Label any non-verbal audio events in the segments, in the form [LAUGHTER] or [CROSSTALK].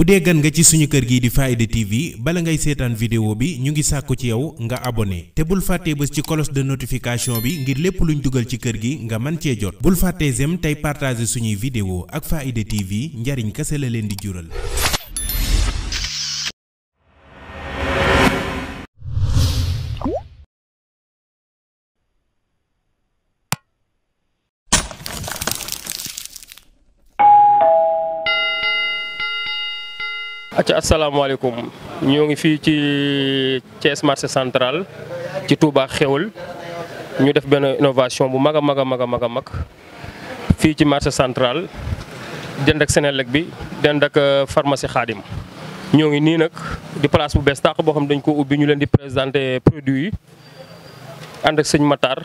bu dee gan nga ci suñu kër gi di Faaida TV bala ngay seetaan vidéo bi ñu ngi sàkku ci yow nga abonné te bul fàttee bés ci cloche de notification bi ngir lépp luñ dugal ci kër gi nga mën cee jot bul fàttee zem tey partager suñuy vidéo ak Faaida TV njariñ kese la leen di jural acca asalaamaaleykum ñoo ngi fii ci Thiès marché central ci Touba xewul ñu def benn innovation bu mag a mag a mag a mag a mag fii ci marché central dend ak Senelec bi dend ak euh, pharmacie Xaadim ñoo ngi nii nag di place bu bees tàq boo xam dañ ko ubbi ñu leen di présenter produit yi ànd ak sëñ Matar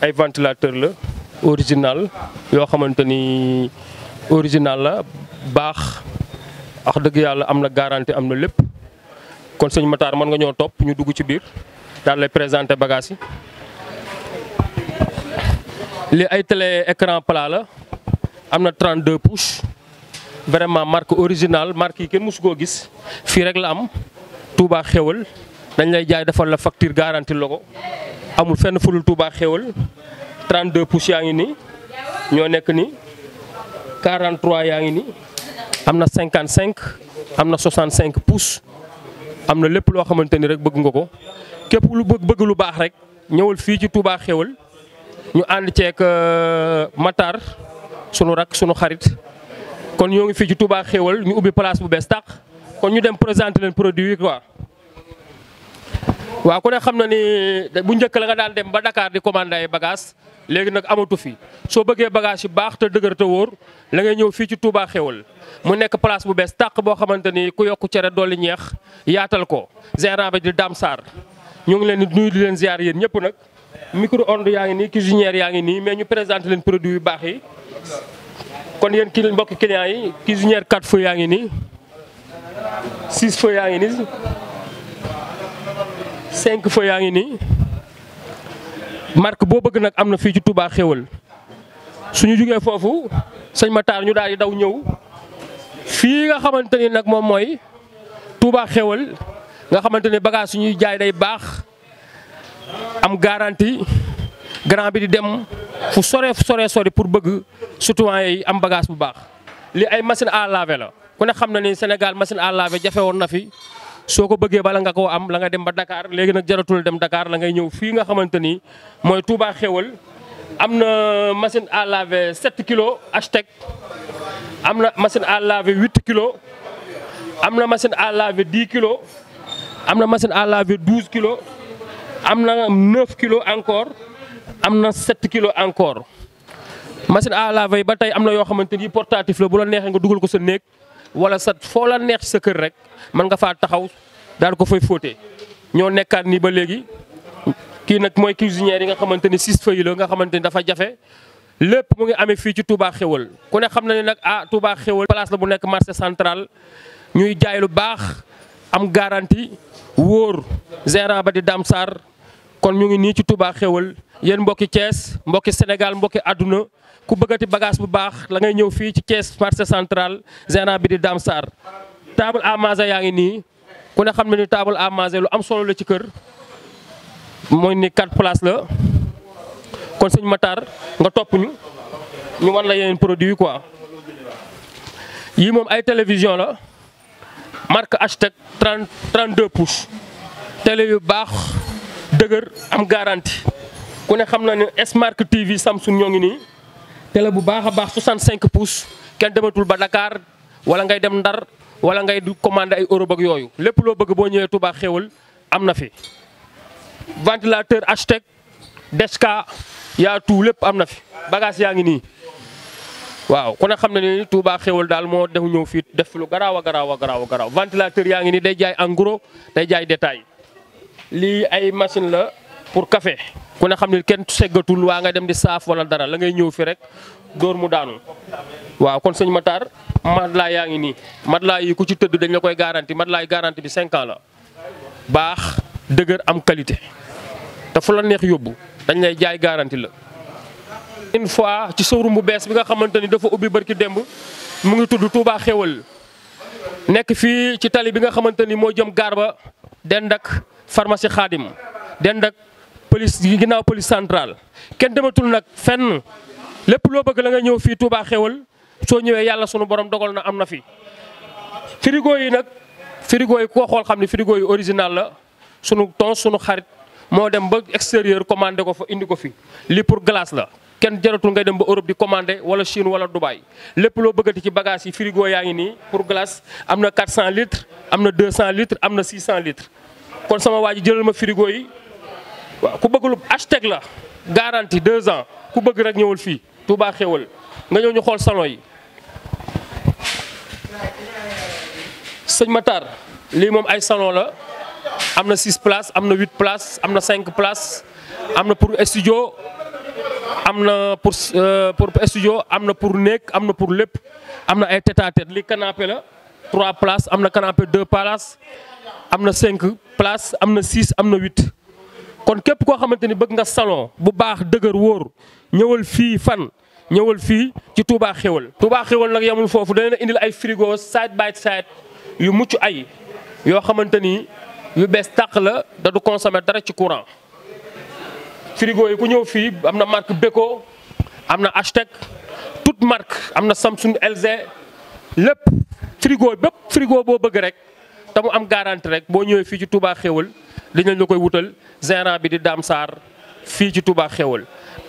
ay ventilateur la original yoo xamante ni original la baax wax dëgg yàlla am na garanti am na lépp kon sëñ mataar mën nga ñoo topp ñu dugg ci biir daal lay présenter bagage yi. li ay télé écran plat la am na 32 pouche vraiment marque originale marque yi kenn mosu koo gis fii rek la am Touba xéwal dañ lay jaay defal la facture garantie la ko amul fenn fulul Touba xéwal 32 pouche yaa ngi nii ñoo nekk nii 43 yaa ngi nii. am na 55 am na 65 pouces am na lépp loo xamante ni rek bëgg nga ko képp lu bëgg lu baax rek ñëwal fii ci Touba xewal ñu ànd ceek ceeg euh, Matar sunu rak sunu xarit. kon ñoo ngi fii ci Touba xewal ñu ubbi place bu bees tàq kon ñu dem présenter leen produit yi quoi. waaw ku ne xam na ni bu njëkk la nga daan dem ba dakaar di commandé ay bagages léegi nag amatu fi soo bëggee bagage yu baax te dëgër te wóor la ngay ñëw fii ci Touba xéwal mu nekk place bu bees tàq boo xamante ni ku yokk cere dolli ñeex yaatal ko gérant bi di Dame Sarr ñu ngi leen di di leen ziar yéen ñëpp nag micro onde yaa ngi nii cuisinière yaa ngi nii mais ñu présenté leen produit yu baax yi kon yéen ki mbokki clients yi cuisinière 4 feux yaa ngi nii 6 yaa ngi nii cinq feu yaa ngi nii marque boo bëgg nag am na fii ci Touba xéwal suñu jugee foofu sëñ Matar ñu daal di daw ñëw fii nga xamante ni nag moom mooy Touba xewal nga xamante ni su ñuy jaay day baax am garanti grand bi di dem fu sore fu sore sori pour bëgg citoyen am bagage bu baax li ay machine à laver la ku ne xam na ni Sénégal machine à laver na fi soo ko bëggee bala nga ko am la nga dem ba dakaar léegi nag jaratul dem dakaar la ngay ñëw fii nga xamante ni mooy Touba xéwal am na machine à laver 7 kilos Hashtag am na machine à laver 8 kilos am na machine à laver 10 kilos am na machine à laver 12 kilos am na 9 kilos encore am na 7 kilos encore machine à laver yi ba tey am na yoo xamante ni portatif la bu la neexee nga dugal ko sa néeg wala sa foo la neex sa kër rek mën nga faa taxaw daal ko fay fóote ñoo nekkaat nii ba léegi kii nag mooy cuisinière yi nga xamante ni six feuilles la nga xamante ni dafa jafe lépp mu ngi amee fii ci Touba xewal ku ne xam na ne nag ah Touba xewal place la bu nekk marché centrale ñuy jaay lu baax am garantie wóor gérant ba di Dame Sarr kon ñu ngi nii ci Touba xewal yéen mbokki Thiès mbokki Sénégal mbokki àdduna ku bëggati bagage bu baax la ngay ñëw fii ci Thiès marché centrale gérant bi di Dame Sarr table à manger yaa ngi nii ku ne xam ne ni table à manger lu am solo la ci kër mooy ni quatre place la kon sëñ Matar nga topp ñu ñu wan la yeneen produit yi quoi yii moom ay télévision la marque Hashtag 30 32 pouces télé yu baax dëgër am garanti ku ne xam na ne Smark TV Samsung ñoo ngi nii télé bu baax a baax 65 pouces kenn dematul ba Dakar wala ngay dem Ndar wala ngay du commandé ay Europe yooyu lépp loo bëgg boo ñëwee Touba xéwal am na fi. ventilateur Ashtec Deska yaa tout lépp am na fi bagage yaa ngi nii waaw ku ne xam na ni Touba xéwal daal moo def ñëw fii def lu garaaw a garaaw a garaaw a garaaw ventilateur yaa ngi nii day jaay en gros day jaay détail lii ay machine la. pour kafe ku ne xam ne kenn seggatul waa nga dem di saaf wala dara la ngay ñëw fii rek dóor mu daanu waaw kon sëñ Matar matelas yaa ngi nii matelas yi ku ci tëdd dañ la koy garanti matelas yi garanti bi 5 la baax dëgër am qualité te fu la neex yóbbu dañ lay jaay garanti la. une fois ci showroom bu bees bi nga xamante ni dafa ubbi barki démb mu ngi tudd Touba xewal nekk fii ci tali bi nga xamante ni moo jëm gaar ba dend ak pharmacie Xaadim dend police ginnaaw police centrale kenn dematul nag fenn lépp loo bëgg la nga ñëw fii Touba xewal soo ñëwee yàlla sunu borom dogal na am na fi. frigo yi nag frigo yi koo xool xam ne frigo yi original la sunu tons sunu xarit moo dem ba extérieur commandé ko fa indi ko fi li pour glace la. kenn jaratul ngay dem ba Europe di commandé wala Chine wala Dubaï lépp loo bëggati ci bagage yi frigo yaa ngi nii pour glace am na 400 litres am na 200 litres am na 600 litres kon sama waa yi. waaw ku bëgg lu hashtag la garantie deux ans ku bëgg rek ñëwul fii Touba xéwal nga ñëw ñu xool salon yi. sëñ Matar lii moom ay salon la am na six place am na huit places am na cinq place am na pour studio am na pour euh, pour am na pour néeg am na pour lépp am na ay tête à tête lii la trois place am na canapé deux places am na cinq place am na six am na huit. kon képp koo xamante ni bëgg nga salon bu baax dëgër wóor ñëwal fii fan ñëwal fii ci Touba xewal Touba Xéwal nag yamul foofu dana la indil ay frigo side by side yu mucc ay yoo xamante ni yu bees tàq la dadu du dara ci courant frigo yi ku ñëw fii am na marque Beko am na Hashtag toute marque am na Samsung LG lépp frigo bépp frigo boo bëgg rek te mu am garante rek boo ñëwee fii ci Touba Xéwal. dinañ la koy wutal gérant bi di Dame saar fii ci Touba xewal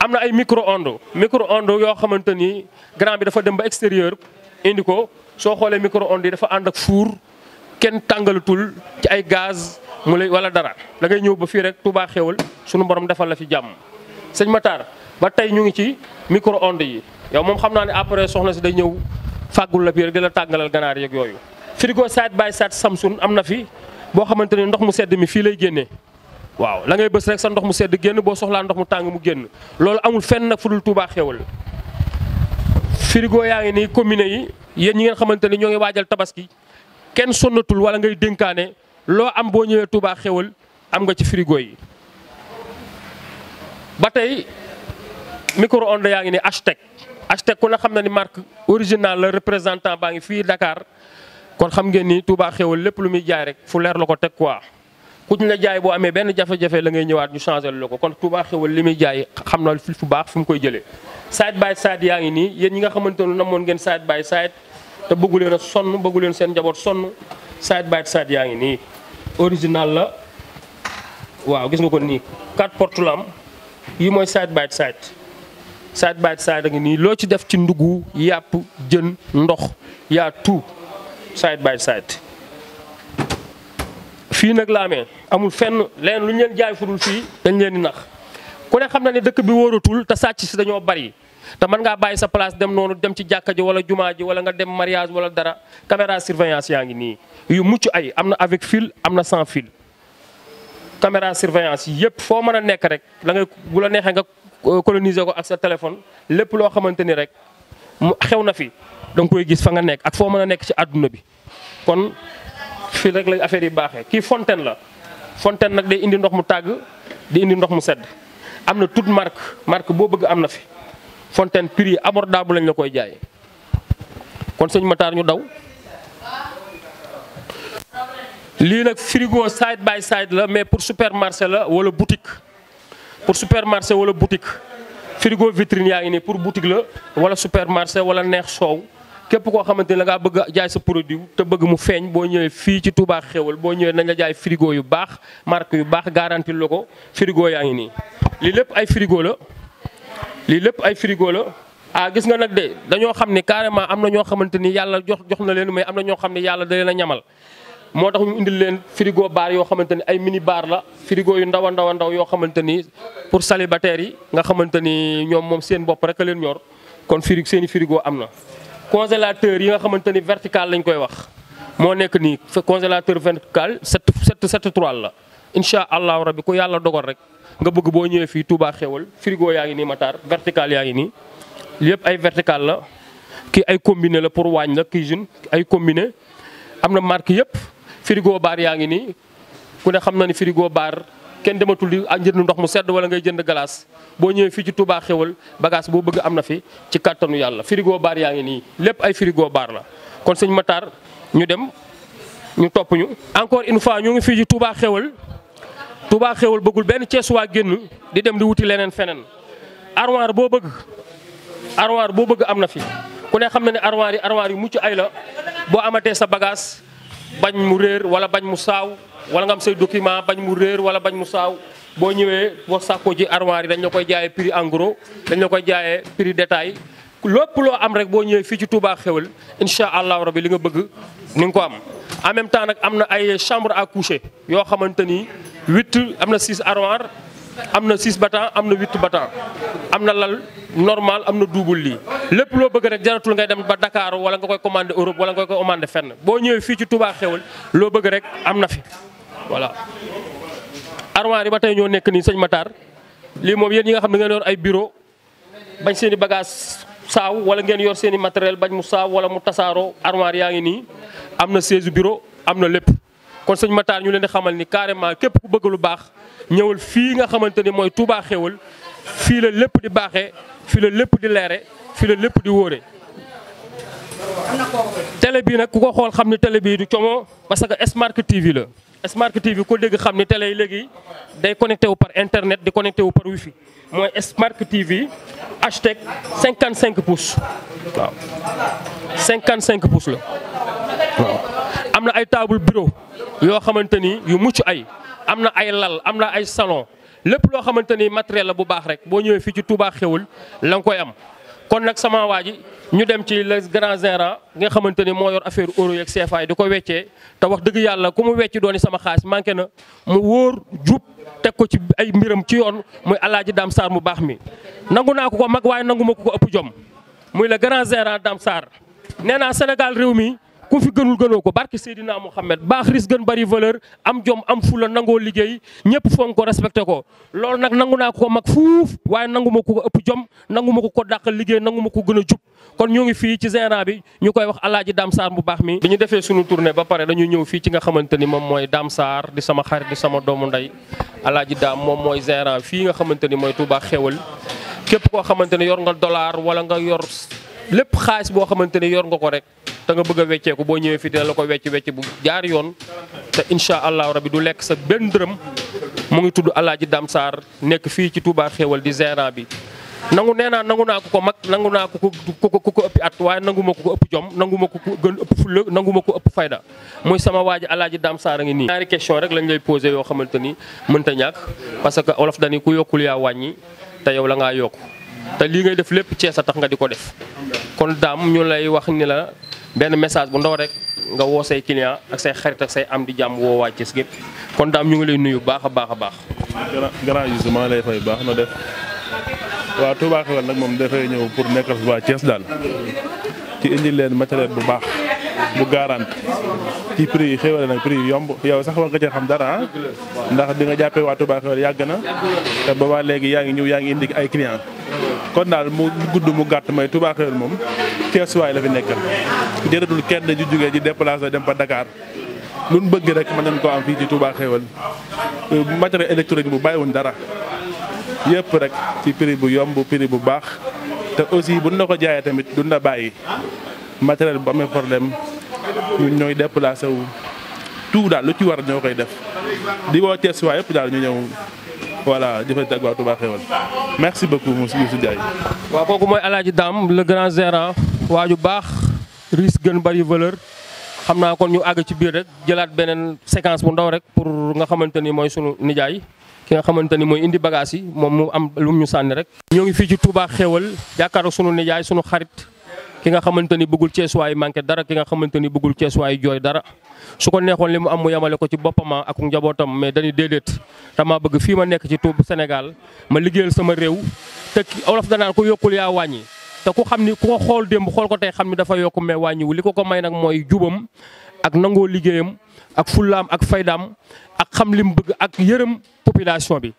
am na ay micro onde micro onde yoo xamante ni grand bi dafa dem ba extérieur indi ko soo xoolee micro onde yi dafa ànd ak four kenn tàngalatul ci ay gaz mu wala dara da ngay ñëw ba fii rek Touba xewal sunu borom defal la fi jàmm. sëñ Matar ba tey ñu ngi ci micro onde yi yow moom xam naa ne après soxna si day ñëw fàggul la bi rek di la tàngalal ganaar yeeg yooyu. frigo side by side Samsung am na fi. boo xamante ne ndox mu sedd mi fii lay génnee waaw la ngay bës rek sa ndox mu sedd génn boo soxlaa ndox mu tàng mu génn loolu amul fenn nag fudul dul Touba xéwal frigo yaa ngi nii commune yi yéen ñi ngeen xamante ne ñoo ngi waajal tabaski kenn sonnatul wala ngay dénkaane loo am boo ñëwee Touba xéwal am nga ci frigo yi ba tey micro-ondes yaa ngi ni Hashtag Hashtag ku ne xam na ni marque originale la représentant baa ngi fii dakaar kon xam ngeen nii Touba xéwal lépp lu muy jaay rek fu leer la ko teg quoi ku ñu la jaay boo amee benn jafe-jafe la ngay ñëwaat ñu changé la ko kon Touba xéwal li muy jaay xam na fi fu baax fu mu koy jëlee. side by side yaa ngi nii yéen ñi nga xamante ne namoon ngeen side by side te bëggu leen sonn bëggu leen seen njaboot sonn side by side yaa ngi nii original la waaw gis nga ko nii quatre portes la am yi mooy side by side side by side a ngi nii loo ci def ci ndugu yàpp jën ndox yaa side by side fii nag la amee amul fenn leen lu ñu leen jaay fudul fii dañ leen di nax ku ne xam na ne dëkk bi wóoratul te sàcc si dañoo bari te mën ngaa bàyyi sa place dem noonu dem ci jàkka ji wala jumaa ji wala nga dem mariage wala dara caméra surveillance yaa ngi nii yu mucc ay am na avec fil am na sans fil caméra surveillance yëpp foo mën a nekk rek la ngay bu la neexee nga euh, coloniser ko ak sa téléphone lépp loo xamante ni rek xew na fi da koy gis fa nga nekk ak foo mën a nekk ci àdduna bi kon fii rek la affaire yi baaxee kii fontaine la fontaine nag day indi ndox mu tàgg di indi ndox mu sedd am na toute marque marque boo bëgg am na fi fontaine prix yi abordable lañ la koy jaay kon sëñ Matar ñu daw lii nag frigo side by side la mais pour supermarché la wala boutique pour supermarché wala boutique frigo vitrine yaa ngi nii pour boutique la wala supermarché wala neex soow képp koo xamante ne da bëgg jaay sa produit te bëgg mu feeñ boo ñëwee fii ci Touba xéwal boo ñëwee nañ la jaay frigo yu baax marque yu baax garanti la ko frigo yaa ngi nii. lii lépp ay frigo la lii lépp ay frigo la ah gis nga nag de dañoo xam ne carrément am na ñoo xamante ni yàlla jox jox na leen mais am na ñoo xam ne yàlla da na a ñamal. moo tax mu indil leen frigo baar yoo xamante ni ay mini baar la frigo yu ndaw a ndaw a ndaw yoo xamante ni pour célibataires yi nga xamante ni ñoom moom seen bopp rek a leen ñor kon firi seen i am na. congélateur yi nga xamante ni vertical lañ koy wax moo nekk nii congélateur vertical sept sept sept trois la incha allahu rabi ku yàlla dogal rek nga bëgg boo ñëwee fii Touba xewal frigo yaa ngi nii Matar vertical yaa ngi nii lépp ay vertical la ki ay combiné la pour waañ la cuisine ay combiné am na marque yëpp frigo bar yaa ngi nii ku ne xam na ni frigo baar kenn dematul di ah, jënd ndox mu sedd wala ngay jënd glace boo ñëwee fii ci Touba xewal bagage boo bëgg am na fi ci kattanu yàlla frigo baar yaa ngi nii lépp ay frigo baar la kon sëñ Matar ñu dem ñu topp ñu. encore une fois ñu ngi fii ci Touba xewal Touba bëggul benn Cees waa génn di dem di wuti leneen feneen armoire boo bëgg armoire boo bëgg am na fi ku ne xam na ne armoire yi armoire yi mucc ay la boo amatee sa bagage bañ mu réer wala bañ mu saaw. wala nga am say document bañ mu réer wala bañ mu saaw boo ñëwee wax sàkkoo ci armoire yi dañ la koy jaayee prix en gros dañ la koy jaayee prix détail lépp loo am rek boo ñëwee fii ci Touba xewal incha allahu rabi li nga bëgg ni nga ko am. en même temps nag am na ay chambre à coucher yoo xamante ni huit am na six armoire am na six battant am na huit battant am na lal normal am na double lii lépp loo bëgg rek jaratul ngay dem ba Dakar wala nga koy commandé Europe wala nga koy commandé fenn boo ñëwee fii ci Touba xewal loo bëgg rek am na fi. voilà. armoire yi ba tey ñoo nekk nii sëñ Matar lii moom yéen yi nga xam ne ngeen yor ay bureau bañ seeni bagaas bagage saaw wala ngeen yor seeni i matériel bañ mu saaw wala mu tasaaroo armoire yaa ngi nii am na siège bureau am na lépp. kon sëñ Matar ñu leen di xamal ni carrément képp ku bëgg lu baax ñëwal fii nga xamante ni mooy Touba xéwal fii la lépp di baaxee fii la lépp di leere fii la lépp di wóore. télé bii nag ku ko xool xam ni tele bii di como parce que Smart TV Smart TV ko dégg xam ni télé yi léegi day connecté wu par internet di connecté wu par wifi mooy Smart TV hashtag 55 pouces waaw 55 pouces la waaw. am na ay table bureau yoo xamante ni yu mucc ay am na ay lal am na ay salon lépp loo xamante ni matériel la bu baax rek boo ñëwee fii ci Touba xewul la nga koy am kon nag sama waa ji ñu dem ci le grand gérant nga xamante ni moo yor affaire euro yeeg CFA yi di ko weccee te wax dëgg yàlla ku mu wecc dooni sama xaalis manqué na mu wóor jub teg ko ci ay mbiram ci yoon muy alaaji Dame saar mu baax mi. nangu naa ko ko mag waaye nangu ma ko ko ëpp jom muy la grand gérant Dame Sarr nee naa Sénégal réew mi ku fi gënul gënoo ko barke Seydina Mouhamed baax ris gën bari valeur am jom am fula nangoo liggéey ñëpp fonk ko respecté ko loolu nag nangu naa ko mag fuuf waaye nangu ma ko ëpp jom nangu ma ko ko dàqal liggéey nangu ma ko gën a jub kon ñoo ngi fii ci gérant bi ñu koy wax alaaji Dame Sarr bu baax mi bi ñu defee suñu tournée ba pare dañu ñëw fii ci nga xamante ni moom mooy Dame saar di sama xarit di sama doomu nday alaaji Dame moom mooy gérant fii nga xamante ni mooy Touba képp koo xamante ni yor nga dollar wala nga yor lépp xaalis boo xamante ni yor nga ko rek te nga bëgg a wecceeku boo ñëwee fii la ko wecc wecc bu jaar yoon te incha allahu rabi du lekk sa benn dërëm mu ngi tudd Alaaji Dam saar nekk fii ci Touba xewal di gérant bi nangu nee naa nangu naa ku ko mag nangu naa ku ko ku ko ëppi at waaye nanguma ma ko ëpp jom nangu ma ku ko ëpp fulla nangu ma fayda muy sama waa ji alaaji daam saara ngi nii ñaari question rek lañ lay posé yoo xamante ni mënta ñàkk parce que olof dani ku yokkul yaa wàññi te yow la ngaa yokk te lii ngay def lépp Cees a tax nga di ko def benn message bu ndaw rek nga woo say client ak say xarit ak say am di jàmm woo waa Thiès gépp kon daam ñu ngi lay nuyu baax a baax a baax. grand Youssou maa lay fay baax na def waa Touba Xewël nag moom dafay ñëw pour nekkal waa Thiès daal ci indi leen matériel bu baax. bu garant ci prix yi xéwale nag prix yomb yow sax war nga cee xam dara ah. ndax di nga jàppee waa Touba Xewël yàgg na te boobaa léegi yaa ngi ñëw yaa ngi indi ay clients kon daal mu gudd mu gàtt may Touba Xéwél moom Ceesuwaay la fi nekkal jërëtul kenn ju jógee ji déplacé dem ba Dakar lu bëgg rek ma nañ koo am fii ci Touba Xéwél euh, matériel électronique bu bàyyiwuñ dara yëpp rek ci prix bu yomb prix bu baax te aussi buñ la ko jaayee tamit dun la bàyyi matériel bu amee problème ñun ñooy déplacé wu tout daal lu ci war ñoo koy def di woo Ceesuwaay yëpp daal ñu ñëw. voilà di fay tàgguwaat Touba merci beaucoup monsieur Youssou Ndiaye. waaw kooku mooy El Hadj Dame le grand gérant waa ju baax risque gën bari valeur xam naa kon ñu àgg ci biir rek jëlaat beneen séquence bu ndaw rek pour nga xamante ni mooy sunu nijaay ki nga xamante ni mooy indi bagage yi moom mu am lu ñu sànni rek. ñoo ngi fii ci Touba xewal yaakaar sunu nijaay sunu xarit ki nga xamante ni bëggul ceesuwaay manqué dara ki nga xamante ni bëggul ceesuwaay jooy dara. su ko neexoon li mu am mu yemale ko ci boppam ak njabootam mais dañuy déedéet dama bëgg fii ma nekk ci tuub senegal ma liggéeyal sama réew te olof danaan ko yokkul yaa wàññi. te ku xam ni ku ko xool démb xool ko tey xam ni dafa yokk mais wu li ko ko may nag mooy jubam ak nangoo liggéeyam ak fullaam ak faydaam ak xam lim bëgg ak yërëm population bi.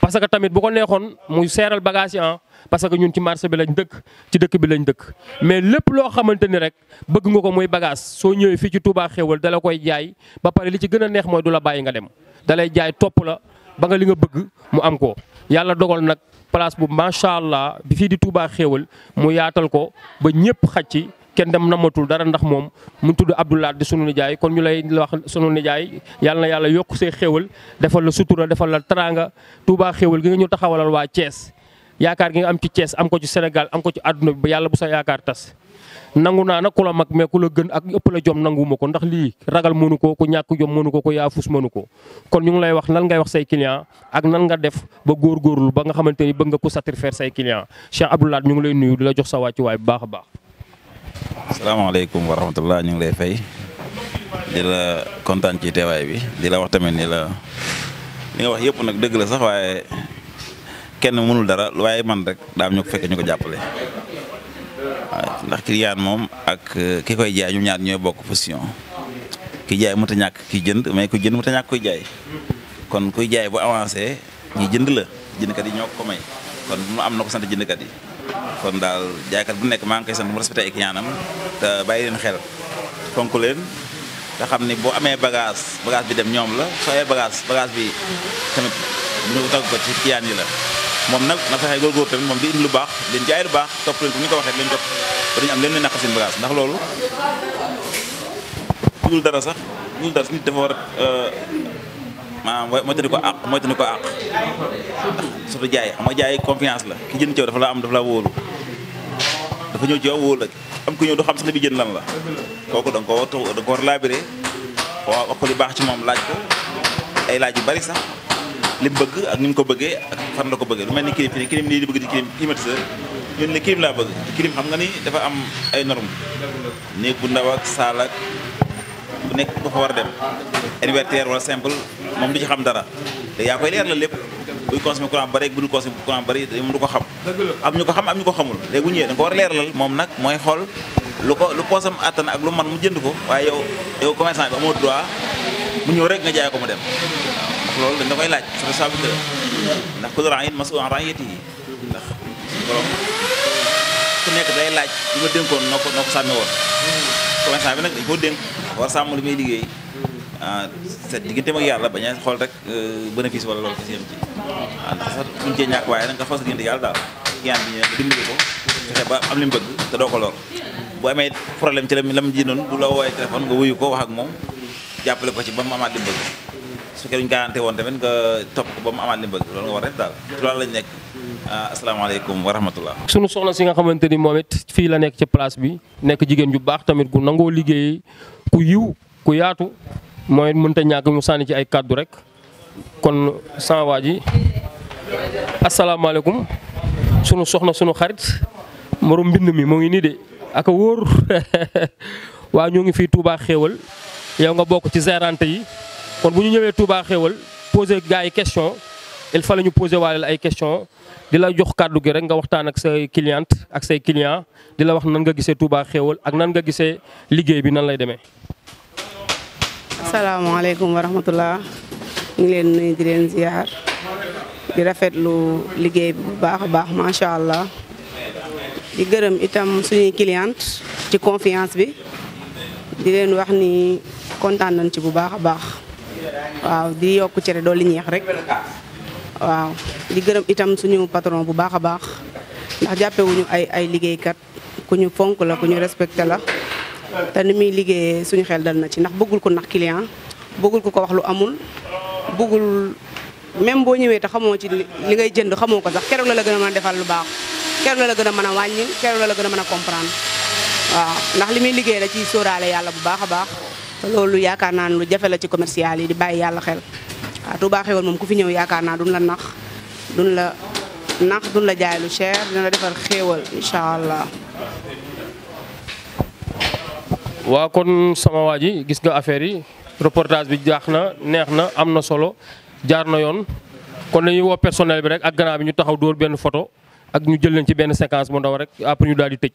parce que tamit bu ko neexoon muy seeral bagage yi ah, parce que ñun ci marché bi lañ dëkk ci dëkk bi lañ dëkk mais lépp loo xamante ni rek bëgg nga ko muy bagage soo ñëwee fii ci Touba xéwal dala koy jaay ba pare li ci gën a neex mooy du la bàyyi nga dem dalay jaay topp la ba nga li nga bëgg mu am ko yàlla dogal nag place bu macha allah bi fii di Touba xéwal mu yaatal ko ba ñëpp xaj ci kenn dem namatul dara ndax moom mu tudd Abdoulaye di sunu nijaay kon ñu lay wax sunu nijaay yàlla na yàlla yokk say xéwal defal la sutura defal la teraanga Touba xéwal gi nga ñu taxawalal waa cees yaakaar gi nga am ci cees am ko ci Sénégal am ko ci àdduna bi yàlla bu sa yaakaar tas nangu naa nag ku la mag mais ku la gën ak ëpp la jom nanguwuma ko ndax lii ragal mënu ko ku ñàkk jom mënu ko ku yaafus mënu ko kon ñu ngi lay wax lan ngay wax say client ak nan nga def ba góorgóorlu ba nga xamante ni bëgg nga ko satisfaire say client Cheikh Abdoulaye ñu ngi lay nuyu di la jox sa wàccuwaay bu baax a baax salaamaaleykum wa rahmatullah ñu ngi lay fay di la kontaan ci teewaay bi di la wax tamit ni la li nga wax yëpp nag dëgg la sax waaye kenn mënul dara waaye man rek daam ñu ko ñu ko jàppale. waaw ndax client moom ak euh, ki koy jaay ñu ñaar ñooy bokk position ki jaay mënut a ñàkk ki jënd mais ku jënd mënut a ñàkk kuy jaay kon kuy jaay bu avancé ñi jënd la jëndkat yi ñoo ko may kon mu am na ko sant jëndkat yi. kon daal jaaykat bu nekk maa ngi koy sant mu respecté ak ñaanam te bàyyi leen xel fonk leen te xam ni boo amee bagage bagage bi dem ñoom la soo amee bagage bagage bi tamit ñu tagg ko ci kiyaan yi la moom nag na fexe góorgóor tamit moom di indi lu baax leen jaay lu baax topp leen ko ñu ko waxee leen topp ba duñu am leen luy loolu dara sax nit dafa war a euh, maanaam mooy tëni ko àq mooy tëni ko àq surtout jaay xam nga jaay confiance la ki jënd ci yow dafa la am dafa la wóolu dafa ñëw ci wóolu la am ku ñëw du xam bi jënd lan la kooku danga ko war danga ko war laabiré waaw wax ko li baax moom laaj ko laaj yu bari sax li bëgg ak ni mu ko bëggee ak la ko bëggee lu mel ni kirim fi ne kirim lii di bëgg di kirim laa bëgg te xam nga ni dafa am ay normes néeg bu ndaw ak saal bu nekk dafa war a dem anniversaire wala simple moom du ci xam dara yaa koy leer la lépp buy consommer courant bari ak bu dul consommer courant bari moom du ko xam am ñu ko xam am ko xamul léegi bu ñëwee da nga ko war a leeralal moom nag mooy xool lu ko lu poosam attan ak lu man mu jënd ko waaye yow yow commerçant bi amoo droit mu ñëw rek nga jaay ko mu dem ndax loolu dañ da koy laaj sa responsabilité ndax ku doran yi ndax borom nekk day laaj li ma dénkoon noo ko woon commerçant bi nag dañ koo dénk war sàmm li muy liggéey ah set diggante ak yàlla bañ a xool rek euh, bénéfice wala loolu kese yam ci waaw ah, waaye nag nga xool sa diggante yàlla daal client bi ñu nga dimbali ko fexe ba am li mu te doo ko lor boo amee problème ci la la mu ji noonu bu la woowee téléphone nga wuyu ko wax ak moom jàppale ko ci ba mu amaat li mu su fekkee woon tamit nga topp ba mu bëgg loolu nga war def daal ci nekk ah, asalaamaaleykum wa rahmatullah sunu soxna si nga xamante ni moom fii la nekk ci place bi nekk jigéen ju baax tamit gu nangoo liggéey ku yiw ku yaatu mooy mënta ñàkk mu sànni ci ay kàddu rek kon sama waa ji asalaamaaleykum sunu soxna sunu xarit morom mbind mi moo ngi nii de ak a wóor [LAUGHS] waa ñoo ngi fi Touba xéewal yow nga bokk ci gérante yi kon bu ñu ñëwee Touba xéwal poser gars yi question il fallait ñu poser waale ay question di la jox kàddu gi rek nga waxtaan ak say cliente ak say client di la wax nan nga gisee Touba xéwal ak nan nga gisee liggéey bi nan lay demee. asalaamaaleykum wa rahmatulah ñu ngi leen nuyu di leen ziar di rafetlu liggéey bi bu baax a baax macha allah di gërëm itam suñuy cliente ci confiance bi di leen wax ni kontaan nañ ci bu baax a baax. waaw di yokk cere dooli ñeex rek waaw di gërëm itam suñu patron bu baax a baax ndax jàppewuñu ay ay liggéeykat ku ñu fonk la ku ñu respecte la te ni muy liggéeyee suñu xel dal na ci ndax bëggul ko nax client bëggul ko ko wax lu amul bëggul même boo ñëwee te xamoo ci li ngay jënd xamoo ko sax keroog la la gën a mën a defal lu baax keroog la la gën a mën a wàññi keroog la la gën a mën a comprendre waaw ndax li muy liggéey da ciy sóoraale yàlla baax a baax loolu yaakaar naa ne lu jafe la ci commercial yi di bàyyi yàlla xel waaw Touba Xéwël moom ku fi ñëw yaakaar naa duñ la nax duñ la nax duñ la jaay lu cher dina la defal xéewal incha allah. waa kon sama waa ji gis nga affaire yi reportage bi jaax na neex na am na solo jaar na yoon kon dañuy woo personnel bi rek ak grand bi ñu taxaw dóor benn photo ak ñu jël nañ ci benn séquence mu ndaw rek après ñu daal di tëj.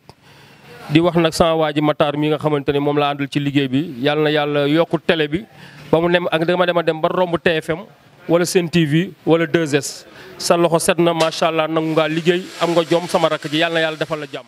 di wax nag sama waa ji Matar mi nga xamante ne moom laa àndal ci liggéey bi yàlla na yàlla yokku télé bi ba mu dem ak dama dem a dem ba romb TFM wala Sen TV wala 2S sa loxo set na macha allah nangu ngaa liggéey am nga jom sama rakk ji yàlla na yàlla defal la jàmm.